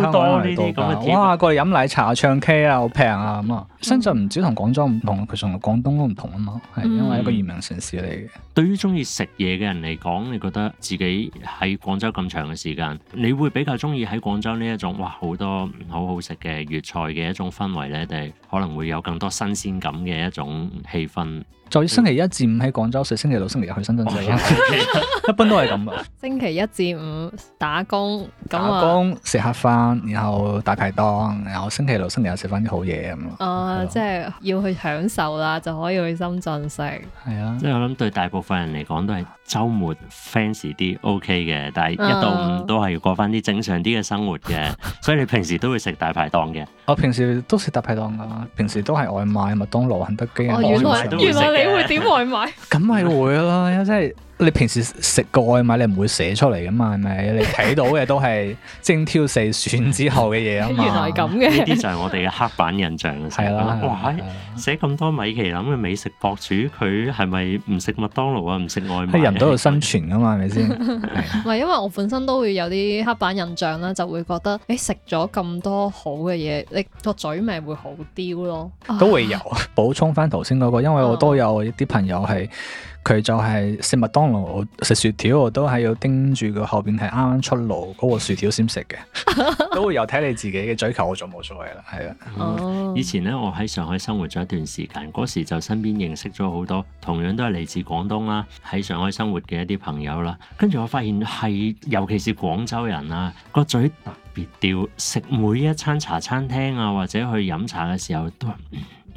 啲咁嘅帖，哇，過去飲奶茶唱 K 啊，好平啊咁啊！深圳唔止同廣州唔同，佢仲同廣東都唔同啊嘛，係因為一個移民城市嚟嘅、嗯。對於中意食嘢嘅人嚟講，你覺得自己喺廣州咁長嘅時間，你會比較中意喺廣州呢一種哇好多好好食嘅粵菜嘅一種氛圍咧，定係可能會有更多新鮮感嘅一種氣氛？在星期一至五喺廣州食，星期六、星期日去深圳食， 一般都係咁啊。星期一至五打工打工食下飯，然後大排檔，然後星期六、星期日食翻啲好嘢咁咯。哦，吧即係要去享受啦，就可以去深圳食。係啊，即係我諗對大部分人嚟講都係週末 fans 啲 OK 嘅，但係一到五都係要過翻啲正常啲嘅生活嘅，所以你平時都會食大排檔嘅。我平時都食大排檔噶，平時都係外賣、麥當勞、肯德基、外賣、哦、我平時都食。哦你會點外賣？咁咪 會咯，因為真係。你平時食個外賣，你唔會寫出嚟噶嘛？係咪你睇到嘅 都係精挑細選之後嘅嘢啊嘛？ 原來咁嘅，呢啲就係我哋嘅黑板印象啊！係啦，哇，寫咁多米其林嘅美食博主，佢係咪唔食麥當勞啊？唔食外賣，啊？人都有生存噶嘛？係咪先？唔係，因為我本身都會有啲黑板印象啦，就會覺得誒食咗咁多好嘅嘢，你個嘴味會好啲咯。都會有補充翻頭先嗰個，因為我都有啲朋友係。 佢就係食麥當勞、食薯條，我都係要盯住佢後邊係啱啱出爐嗰、嗰個薯條先食嘅， 都會有睇你自己嘅追求，我就冇所謂啦，係啦、嗯。以前呢，我喺上海生活咗一段時間，嗰時就身邊認識咗好多同樣都係嚟自廣東啦，喺上海生活嘅一啲朋友啦。跟住我發現係，尤其是廣州人啊，個嘴特別刁，食每一餐茶餐廳啊，或者去飲茶嘅時候都。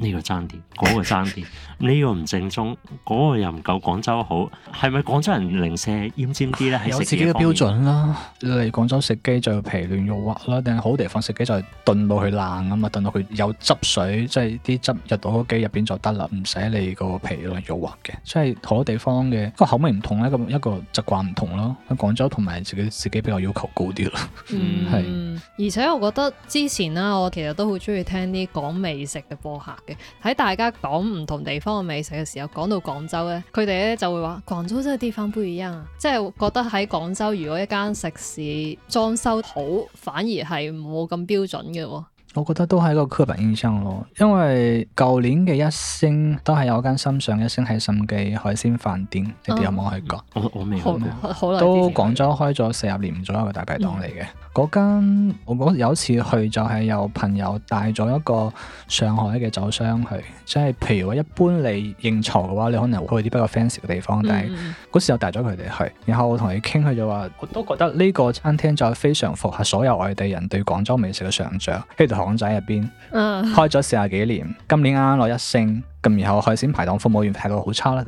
呢個爭點，嗰、嗰個爭點，呢 個唔正宗，嗰、嗰個又唔夠廣州好，係咪廣州人零舍奄尖啲咧？呢有自己嘅標準啦。嚟廣州食雞就要皮嫩肉滑啦，定係好地方食雞就係燉到佢爛啊嘛，燉到佢有汁水，就是、汁即係啲汁入到個雞入邊就得啦，唔使你個皮嫩肉滑嘅。即係好多地方嘅個口味唔同咧，咁一個習慣唔同咯。喺廣州同埋自己自己比較要求高啲咯。嗯，係 是。而且我覺得之前啦，我其實都好中意聽啲講美食嘅播客嘅。喺大家講唔同地方嘅美食嘅時候，講到廣州呢，佢哋咧就會話：廣州真係地方唔一樣啊！即係覺得喺廣州，如果一間食肆裝修好，反而係冇咁標準嘅喎、哦。我覺得都係一個刻板印象咯，因為舊年嘅一星都係有間心上一星喺順記海鮮飯店，啊、你哋有冇去過？我我未去過，都廣州開咗四十年左右嘅大排檔嚟嘅。嗯嗰間我講有一次去就係有朋友帶咗一個上海嘅酒商去，即係譬如話一般你應酬嘅話，你可能會去啲比較 fancy 嘅地方，但係嗰、嗯、時候帶咗佢哋去，然後我同佢傾，佢就話我都覺得呢個餐廳就非常符合所有外地人對廣州美食嘅想像，跟住巷仔入邊、啊、開咗四十幾年，今年啱啱攞一星，咁然後海鮮排檔服務員態度好差啦，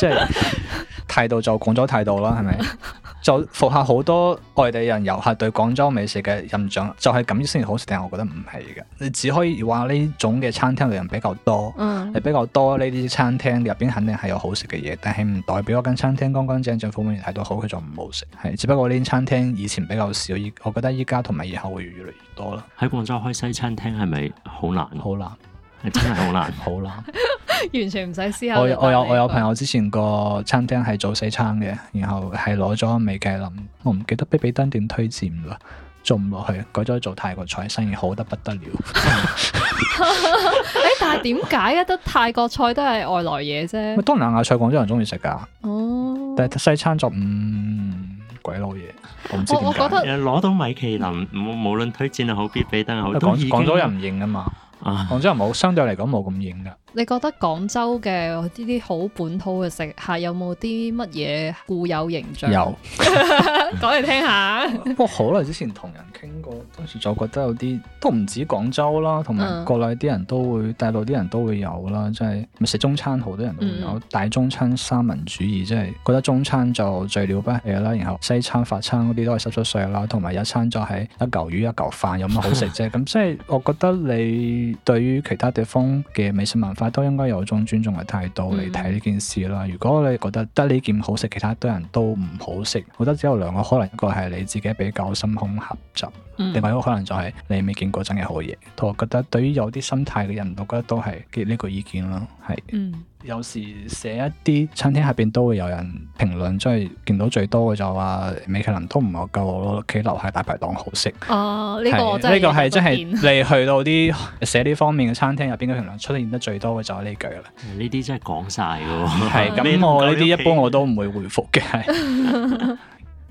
即係 態度就廣州態度啦，係咪？就符合好多外地人、遊客對廣州美食嘅印象，就係咁先至好食。但係我覺得唔係嘅，你只可以話呢種嘅餐廳人比較多，你、嗯、比較多呢啲餐廳入邊肯定係有好食嘅嘢，但係唔代表嗰間餐廳乾乾淨淨、服務員睇到好，佢就唔好食。係，只不過呢啲餐廳以前比較少，我覺得依家同埋以後會越嚟越多啦。喺廣州開西餐廳係咪好難？好難，係真係好難，好難。 完全唔使思考。我有我有 我有朋友之前個餐廳係做西餐嘅，然後係攞咗米其林，我唔記得必比登點推薦啦，做唔落去，改咗做泰國菜，生意好得不得了。哎， 但係點解啊？得泰國菜都係外來嘢啫。咪東南亞菜，廣州人中意食噶。哦，但係西餐就唔、嗯、鬼佬嘢，我唔知點解。攞到米其林，無論推薦又好，必比登又好，廣廣州人唔認噶嘛。啊，廣州人冇，相對嚟講冇咁認噶。你覺得廣州嘅呢啲好本土嘅食客有冇啲乜嘢固有形象？有，講 嚟 聽，聽下。不過、 哦、好耐之前同人傾過，當時就覺得有啲都唔止廣州啦，同埋國內啲人都會，大陸啲人都會有啦，即係咪食中餐好多人都會有，嗯、大中餐三民主義，即、就、係、是、覺得中餐就最了不起啦，然後西餐法餐嗰啲都係濕濕碎啦，同埋日餐就係一嚿魚一嚿飯，有乜好食啫？咁即係我覺得你對於其他地方嘅美食文化。都應該有種尊重嘅態度嚟睇呢件事啦。如果你覺得得呢件好食，其他堆人都唔好食，我覺得只有兩個可能，一個係你自己比較心胸狹窄。另外一個可能就係你未見過真嘅好嘢，同我覺得對於有啲心態嘅人，我覺得都係嘅呢個意見咯，係。嗯、有時寫一啲餐廳下邊都會有人評論，即、就、係、係、見到最多嘅就話米其林都唔夠我屋企樓下大排檔好食。哦，呢、呢個係呢個係即係你去到啲寫呢方面嘅餐廳入邊嘅評論出現得最多嘅就係呢句啦。呢啲真係講晒喎，係咁 我呢啲一般我都唔會回覆嘅。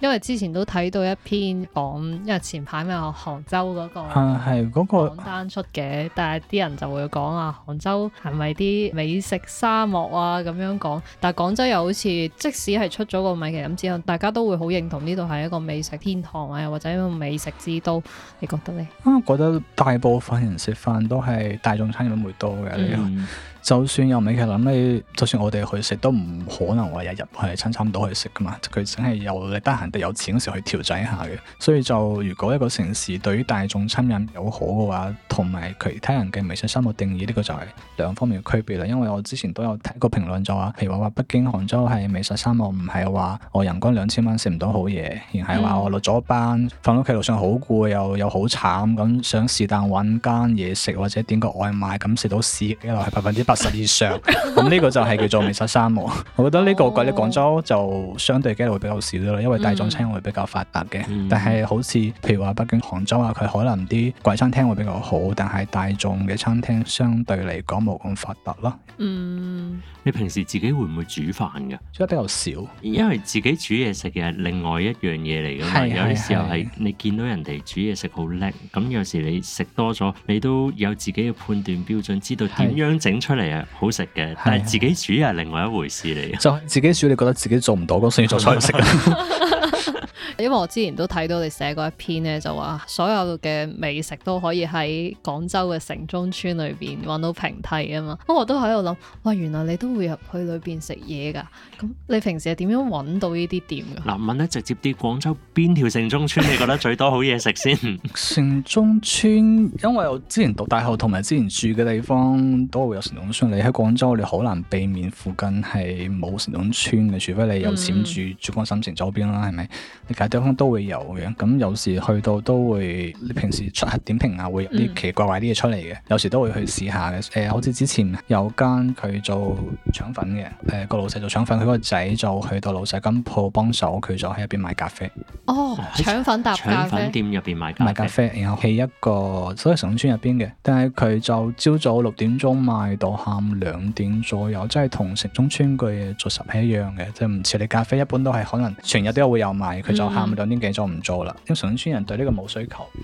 因為之前都睇到一篇講，因為前排咪有杭州嗰、嗰個榜、啊那個、單出嘅，但係啲人就會講啊，杭州係咪啲美食沙漠啊咁樣講，但係廣州又好似即使係出咗個米其林之後，大家都會好認同呢度係一個美食天堂啊，或者一個美食之都，你覺得呢？啊，我覺得大部分人食飯都係大眾餐飲會多嘅，嗯就算有米芝蓮，就算我哋去食都唔可能話日日係餐餐都去食噶嘛，佢淨係由你得閒得有錢嗰時候去調整一下嘅。所以就如果一個城市對於大眾親人友好嘅話，同埋其他人嘅美食沙漠定義呢、呢個就係兩方面嘅區別啦。因為我之前都有睇過評論就話，譬如話話北京、杭州係美食沙漠，唔係話我人工兩千蚊食唔到好嘢，而係話我落咗班，翻屋企路上好攰，又又好慘，咁想是但揾間嘢食或者點個外賣，咁食到屎嘅話係百分之百實以上，咁呢個就係叫做美食沙漠。我覺得呢個喺廣州就相對嘅會比較少咯，因為大眾餐會比較發達嘅。嗯、但係好似譬如話北京、杭州啊，佢可能啲貴餐廳會比較好，但係大眾嘅餐廳相對嚟講冇咁發達咯。嗯。你平時自己會唔會煮飯㗎？煮得比較少，因為自己煮嘢食嘅係另外一樣嘢嚟㗎嘛。有啲時候係你見到人哋煮嘢食好叻，咁有時你食多咗，你都有自己嘅判斷標準，知道點樣整出嚟啊好食嘅。是但係自己煮又係另外一回事嚟，就係自己煮你覺得自己做唔到，咁先做菜式。 因為我之前都睇到你寫過一篇咧，就話所有嘅美食都可以喺廣州嘅城中村裏邊揾到平替啊嘛。咁我都喺度諗，哇，原來你都會入去裏邊食嘢㗎。咁你平時係點樣揾到呢啲店㗎？嗱，問咧直接啲廣州邊條城中村，你覺得最多好嘢食先？ 城中村，因為我之前讀大學同埋之前住嘅地方都會有城中村，你喺廣州，你好難避免附近係冇城中村嘅，除非你有錢住珠、嗯、江新城左邊啦，係咪？地方都會有嘅，咁有時去到都會，你平時出客點評啊，會有啲奇怪啲嘢出嚟嘅。嗯、有時都會去試下嘅。誒、呃，好似之前有間佢做腸粉嘅，誒、呃、個老細做腸粉，佢個仔就去到老細間鋪幫手，佢就喺入邊賣咖啡。哦，腸在粉搭咖啡。腸粉店入邊賣咖啡。賣咖啡，然後喺一個所謂城中村入邊嘅，但係佢就朝早六點鐘賣到下午兩點左右，即係同城中村嘅作息係一樣嘅，即係唔似你咖啡一般都係可能全日都有會有賣，佢就、嗯。差唔多兩點幾鐘唔做啦，因為順村人對呢個冇需求。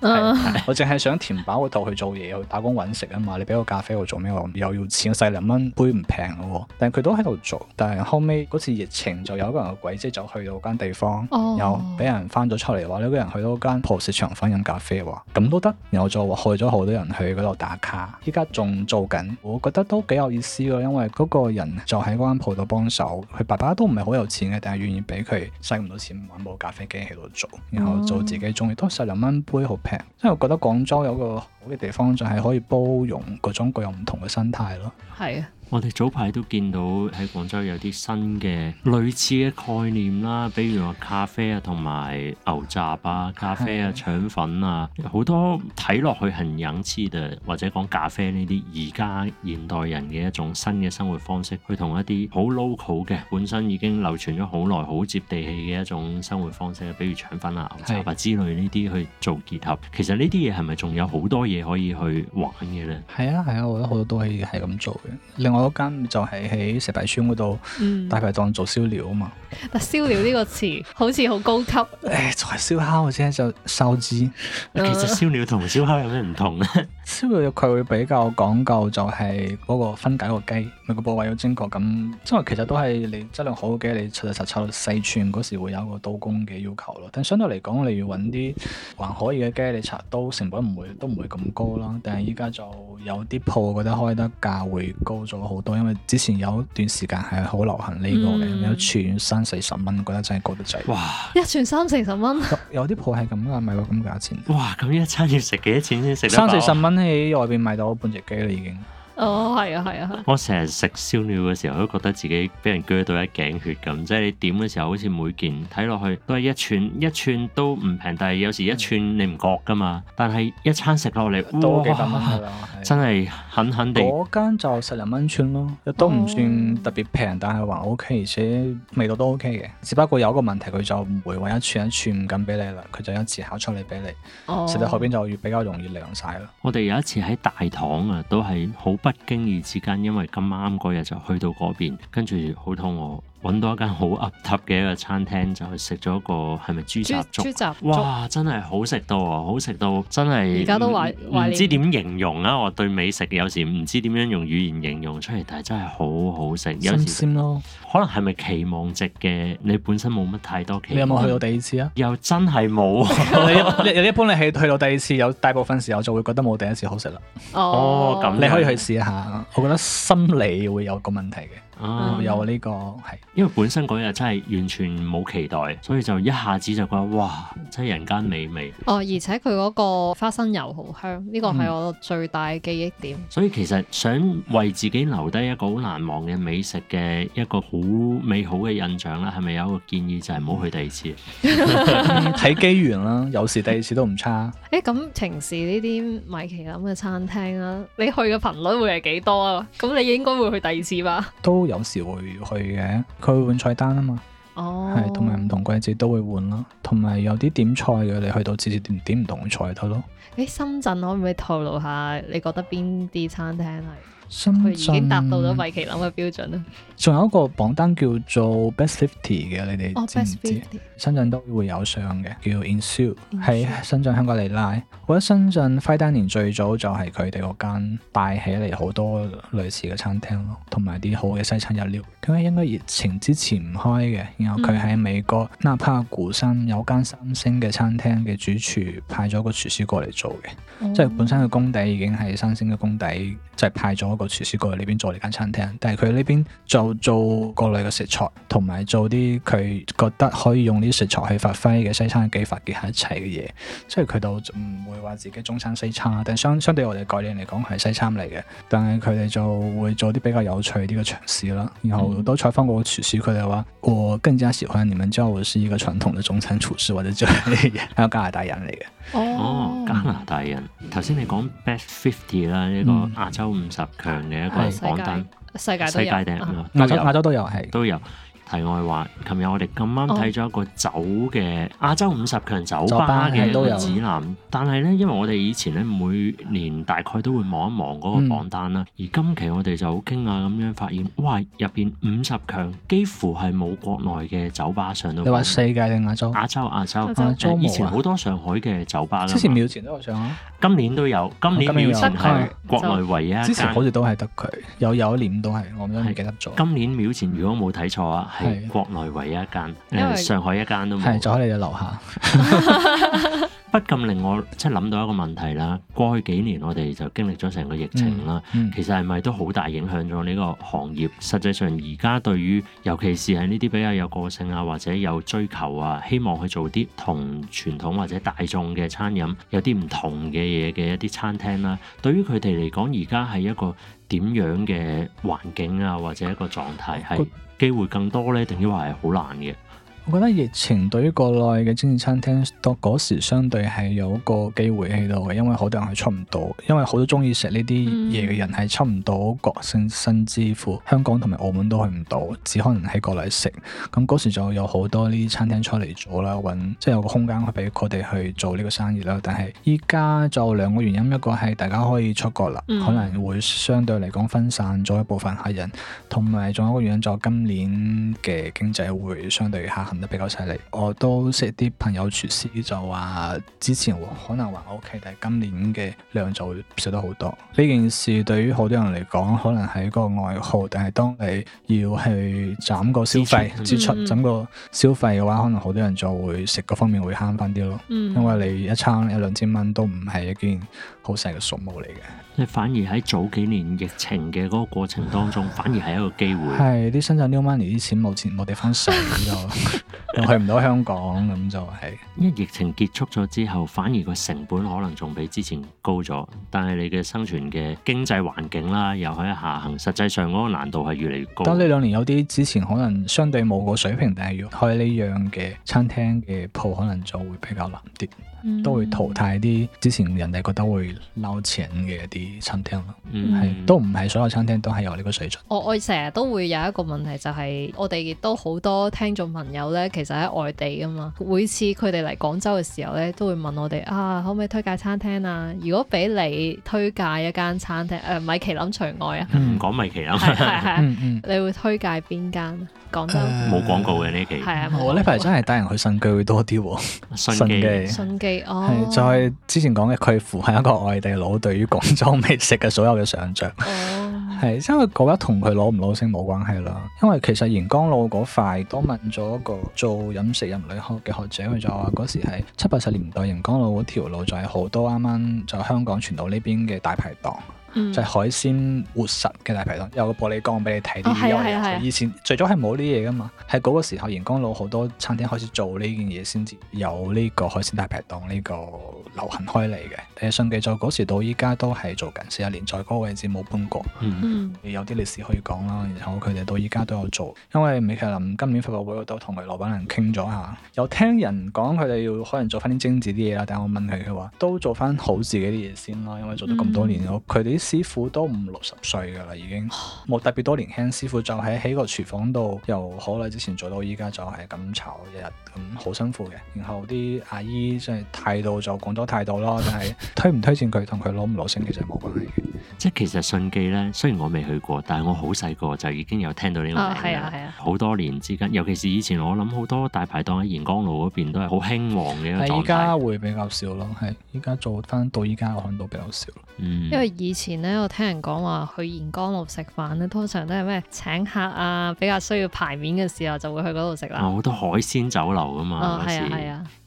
我淨係想填飽個肚去做嘢，去打工揾食啊嘛。你俾個咖啡我做咩？我又要錢，細兩蚊杯唔平喎。但係佢都喺度做，但係後尾嗰次疫情就有一個人嘅軌跡就去到嗰間地方，又俾人翻咗出嚟話呢個人去到嗰間破市場翻飲咖啡話，咁都得，然後就害咗好多人去嗰度打卡。依家仲做緊，我覺得都幾有意思咯，因為嗰個人就喺嗰間鋪度幫手，佢爸爸都唔係好有錢嘅，但係願意俾佢使唔到錢咖啡機喺度做，然後做自己鍾意，都十零蚊杯好平，因為我覺得廣州有個。嘅地方就係可以包容各種各樣唔同嘅生態咯。係啊， 我哋早排都見到喺廣州有啲新嘅類似嘅概念啦，比如話咖啡啊，同埋牛雜啊、咖啡啊、腸 粉啊，好多睇落去係相似嘅，或者講咖啡呢啲而家現代人嘅一種新嘅生活方式，佢同一啲好 local 嘅本身已經流傳咗好耐、好接地氣嘅一種生活方式，比如腸粉啊、牛雜啊之類呢啲去做結合。 其實呢啲嘢係咪仲有好多嘢？可以去玩嘅咧？係啊係啊，我覺得好多都可以係咁做嘅。另外一間就係喺石牌村嗰度，大排檔做燒料啊嘛。但燒料呢個詞好似好高級。誒，就係燒烤或者就燒雞。其實燒料同燒烤有咩唔同咧？燒料佢會比較講究，就係嗰個分解個雞，每個部位要精確咁。因為其實都係你質量好嘅雞，你出嚟實切到細寸嗰時，會有個刀工嘅要求咯。但相對嚟講，你要搵啲還可以嘅雞，你切刀成本唔會都唔會咁高啦，但係依家就有啲鋪，我覺得開得價會高咗好多，因為之前有段時間係好流行呢個嘅，嗯、有串三四十蚊，覺得真係高得滯。哇！一串三四十蚊，有啲鋪係咁噶，咪咯咁價錢。哇！咁呢一餐要食幾多錢先食得飽？啊、三四十蚊喺外邊買到半隻雞啦，已經。哦，係、oh, 啊，係啊，我成日食燒鳥嘅時候都覺得自己俾人鋸到一頸血咁，即係你點嘅時候好似每件睇落去都係一串一串都唔平，但係有時一串你唔覺噶嘛，但係一餐食落嚟都幾百蚊，真係。肯肯定，嗰間就十零蚊串咯，都唔算特別平，oh. 但係還 OK，而且味道都 OK 嘅。只不過有一個問題，佢就唔會話一串一串咁俾你啦，佢就一次烤出嚟俾你。哦，食在後邊就越比較容易涼晒啦。Oh. 我哋有一次喺大堂啊，都係好不經意之間，因為咁啱嗰日就去到嗰邊，跟住好肚餓。揾到一間好 up 嘅一個餐廳，就去食咗個係咪豬雜粥？雜哇！真係好食到啊，好食到真係而家都懷懷念。唔知點形容啊？我對美食有時唔知點樣用語言形容出嚟，但係真係好好食。新鮮咯，可能係咪期望值嘅？你本身冇乜太多期望。你有冇去到第二次有啊？又真係冇。一般你去去到第二次，有大部分時候就會覺得冇第一次好食啦。哦，咁你可以去試下。我覺得心理會有個問題嘅。啊，有呢、這個係，因為本身嗰日真係完全冇期待，所以就一下子就覺得哇，真係人間美味。哦，而且佢嗰個花生油好香，呢、這個係我最大嘅記憶點。嗯嗯。所以其實想為自己留低一個好難忘嘅美食嘅一個好美好嘅印象咧，係咪有一個建議就係唔好去第二次？睇、 嗯、機緣啦、啊，有時第二次都唔差。啊。誒、嗯，咁平時呢啲米其林嘅餐廳啦、啊，你去嘅頻率會係幾多啊？咁你應該會去第二次吧？都。都有時會去嘅，佢會換菜單啊嘛，係同埋唔同季節都會換咯，同埋有啲點菜嘅，你去到次次點點唔同嘅菜都咯。誒、欸，深圳可唔可以透露下？你覺得邊啲餐廳係已經達到咗米其林嘅標準啦。仲有一個榜單叫做 Best Fifty 嘅，你哋、oh, Best 知唔知 50. 深圳都會有上嘅，叫 Ensue 喺深圳香格里拉。我覺得深圳 fine dining 最早就係佢哋嗰間帶起嚟好多類似嘅餐廳咯，同埋啲好嘅西餐日料。佢應該疫情之前唔開嘅。然後佢喺美國納、嗯、帕谷山有間三星嘅餐廳嘅主廚派咗個廚師過嚟做嘅，oh. 即係本身嘅功底已經係三星嘅功底，就係、是、派咗個。廚師 過來呢邊做呢間餐廳，但係佢呢邊就做國內嘅食材，同埋做啲佢覺得可以用呢啲食材去發揮嘅西餐嘅技法結合一齊嘅嘢，即係佢就唔會話自己中餐西餐，但相相對我哋概念嚟講係西餐嚟嘅，但係佢哋就會做啲比較有趣啲嘅嘗試啦。然後都採訪過廚師佢哋話，我更加喜歡你們叫我是一個傳統嘅中餐廚師，或者叫，就是，係 加拿大人嚟嘅。哦，oh，加拿大人，頭先、嗯、你講 Best 50啦，呢、呢個亞洲五十強嘅一個榜單，嗯、世界世界都有，亞洲亞洲都有係都有。題外話，琴日我哋咁啱睇咗一個酒嘅亞洲五十強酒吧嘅一個指南，但係咧，因為我哋以前咧每年大概都會望一望嗰個榜單啦，嗯、而今期我哋就好驚訝咁樣，發現哇，入邊五十強幾乎係冇國內嘅酒吧上到。你話世界定亞洲？亞洲亞洲，啊、以前好多上海嘅酒吧啦。之前秒前都有上。今年都有，今年秒前係國內唯一,一。之前好似都係得佢，有有一年都係，我唔知唔記得咗、嗯。今年秒前如果冇睇錯啊。係國內唯一一間，為上海一間都冇。係咗你嘅樓下。 不禁令我即係諗到一個問題啦。過去幾年我哋就經歷咗成個疫情啦，嗯嗯、其實係咪都好大影響咗呢個行業？實際上而家對於，尤其是係呢啲比較有個性啊，或者有追求啊，希望去做啲同傳統或者大眾嘅餐飲有啲唔同嘅嘢嘅一啲餐廳啦。嗯嗯、對於佢哋嚟講，而家係一個點樣嘅環境啊，或者一個狀態係？機會更多呢，定抑或係好難嘅？我覺得疫情對於國內嘅精緻餐廳，到嗰時相對係有一個機會喺度嘅，因為好多人係出唔到，因為好多中意食呢啲嘢嘅人係出唔到、嗯、國，甚至乎，香港同埋澳門都去唔到，只可能喺國內食。咁嗰時就有好多呢啲餐廳出嚟咗啦，揾即係有個空間去俾佢哋去做呢個生意啦。但係依家就兩個原因，一個係大家可以出國啦，嗯、可能會相對嚟講分散咗一部分客人，同埋仲有一個原因就今年嘅經濟會相對得比較犀利，我都識啲朋友廚師就話，之前可能還 OK，但係今年嘅量就會少得好多。呢件事對於好多人嚟講，可能係一個愛好，但係當你要去斬個消費、存支出、整、嗯、個消費嘅話，可能好多人就會食嗰方面會慳翻啲咯。嗯、因為你一餐一兩千蚊都唔係一件好細嘅數目嚟嘅。你反而喺早幾年疫情嘅嗰個過程當中， 反而係一個機會。係啲深圳 new money 啲錢冇錢冇地方使咗。 去唔到香港咁就係、是，因為疫情結束咗之後，反而個成本可能仲比之前高咗，但係你嘅生存嘅經濟環境啦，又喺下行，實際上嗰個難度係越嚟越高。咁呢兩年有啲之前可能相對冇個水平，但係要開呢樣嘅餐廳嘅鋪，可能就會比較難啲。都會淘汰啲之前人哋覺得會撈錢嘅一啲餐廳咯，係、嗯、都唔係所有餐廳都係有呢個水準。我我成日都會有一個問題就係、是，我哋亦都好多聽眾朋友咧，其實喺外地㗎嘛，每次佢哋嚟廣州嘅時候咧，都會問我哋啊，可唔可以推介餐廳啊？如果俾你推介一間餐廳、啊，米其林除外啊，唔講、嗯、米其林是。係係係，嗯、你會推介邊間廣州？冇廣告嘅呢期。係啊，我呢排真係帶人去信記，會多啲喎，信記。係，就係之前講嘅，佢符合一個外地佬對於廣州美食嘅所有嘅想像，係， 因為覺得同佢攞唔攞星冇關係啦。因為其實沿江路嗰塊，我問咗一個做飲食人類學嘅學者，佢就話嗰時係七八十年代，沿江路嗰條路就係好多啱啱就香港傳到呢邊嘅大排檔。就係海鮮活實嘅大排檔，有個玻璃缸俾你睇啲嘢。以前最早係冇呢嘢噶嘛，係嗰個時候沿江路好多餐廳開始做呢件嘢，先至有呢個海鮮大排檔呢、呢個流行開嚟嘅。誒順記就嗰時到依家都係做緊，四十年在嗰個位置冇搬過。嗯、有啲歷史可以講啦。然後佢哋到依家都有做，因為米其林今年發佈會我都同佢老闆娘傾咗下，有聽人講佢哋要可能做翻啲精緻啲嘢啦。但係我問佢，佢話都做翻好自己啲嘢先啦，因為做咗咁多年，佢哋、嗯師傅都五六十歲嘅啦，已經冇 特別多年輕師傅就喺喺個廚房度，由好耐之前做到依家，就係咁炒一日。咁好、嗯、辛苦嘅，然後啲阿姨即係態度，態度 就講咗態度咯，但係推唔推薦佢同佢攞唔攞星其實冇關係嘅。即係其實順記咧，雖然我未去過，但係我好細個就已經有聽到呢個名啦。好、oh, 啊啊啊、多年之間，尤其是以前我諗好多大排檔喺沿江路嗰邊都係好興旺嘅。係，而家會比較少咯。係，而家做翻到依家我看到比較少。嗯，因為以前咧，我聽人講話去沿江路食飯咧，通常都係咩請客啊，比較需要牌面嘅時候就會去嗰度食啦。哦，好多海鮮酒樓。哦、啊嘛嗰時，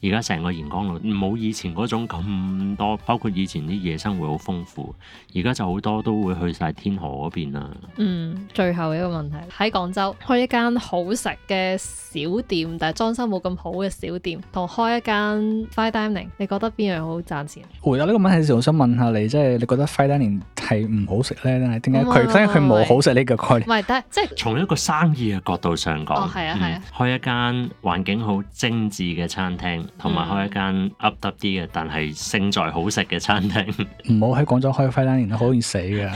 而家成個沿江路冇以前嗰種咁多，包括以前啲夜生活好豐富。而家就好多都會去晒天河嗰邊啦。嗯，最後一個問題，喺廣州開一間好食嘅小店，但係裝修冇咁好嘅小店，同開一間 fine dining，你覺得邊樣好賺錢？回答呢個問題之前，我想問下你，即係你覺得 fine dining？係唔好食咧，定係點解佢，所以佢冇好食呢個概念？唔係，但係即係從一個生意嘅角度上講，係啊，係啊，開一間環境好精緻嘅餐廳，同埋開一間噏得啲嘅，但係勝在好食嘅餐廳，唔好喺廣州開菲林，好易死㗎。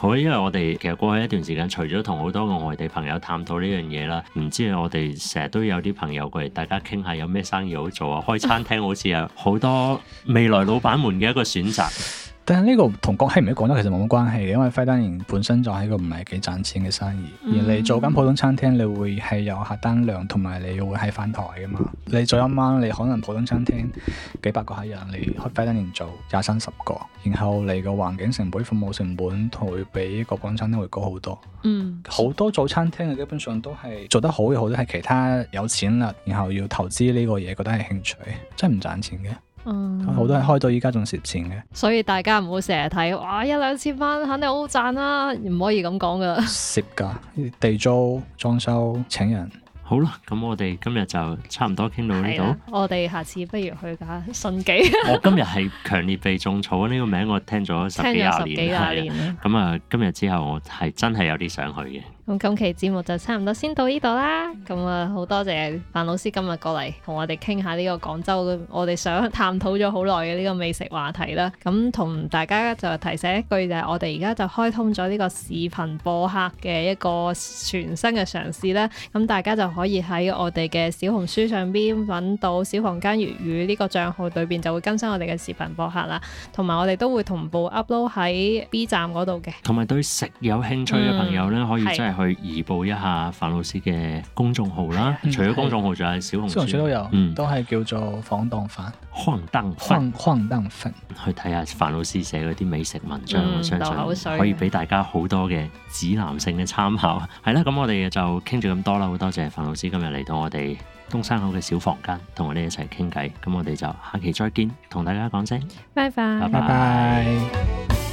好，因為我哋其實過去一段時間，除咗同好多個外地朋友探討呢樣嘢啦，唔知係，我哋成日都有啲朋友過嚟，大家傾下有咩生意好做啊？開餐廳好似有好多未來老闆們嘅一個選擇。但係呢個同國慶唔喺廣州其實冇乜關係嘅，因為 fine dining 本身就係一個唔係幾賺錢嘅生意。嗯、而你做間普通餐廳，你會係有客單量，同埋你會喺翻台㗎嘛。你做一晚，你可能普通餐廳幾百個客人，你去 fine dining 做廿三十個，然後你個環境成本、服務成本同會比個普通餐廳會高好多。嗯，好多做餐廳嘅基本上都係做得好嘅，好多係其他有錢啦，然後要投資呢個嘢，覺得係興趣，真係唔賺錢嘅。嗯，好多人開到依家仲蝕錢嘅，所以大家唔好成日睇，哇一兩千蚊肯定好賺啦，唔可以咁講噶。蝕噶，地租、裝修、請人。好啦，咁我哋今日就差唔多傾到呢度。我哋下次不如去下順記。 我今日係強烈被種草呢、這個名，我聽咗十幾廿年。 聽咗十幾廿年。咁啊的、 嗯，今日之後我係真係有啲想去嘅。咁今期節目就差唔多先到呢度啦。咁啊，好多謝范老師今日過嚟同我哋傾下呢個廣州我哋想探討咗好耐嘅呢個美食話題啦。咁同大家就提醒一句就係我哋而家就開通咗呢個視頻播客嘅一個全新嘅嘗試啦。咁大家就可以喺我哋嘅小紅書上邊揾到小房間粵語呢個賬號裏邊就會更新我哋嘅視頻播客啦。同埋我哋都會同步 upload 喺 B 站嗰度嘅。同埋對食有興趣嘅朋友呢，可以真係、嗯。去移步一下范老師嘅公眾號啦，嗯、除咗公眾號仲有小紅書，嗯、都有，都係叫做晃蕩范，范。去睇下范老師寫嗰啲美食文章，嗯、我相信可以俾大家好多嘅指南性嘅參考。係 啦，咁我哋就傾住咁多啦，好多謝范老師今日嚟到我哋東山口嘅小房間，同我哋一齊傾偈。咁我哋就下期再見，同大家講聲拜拜，拜拜。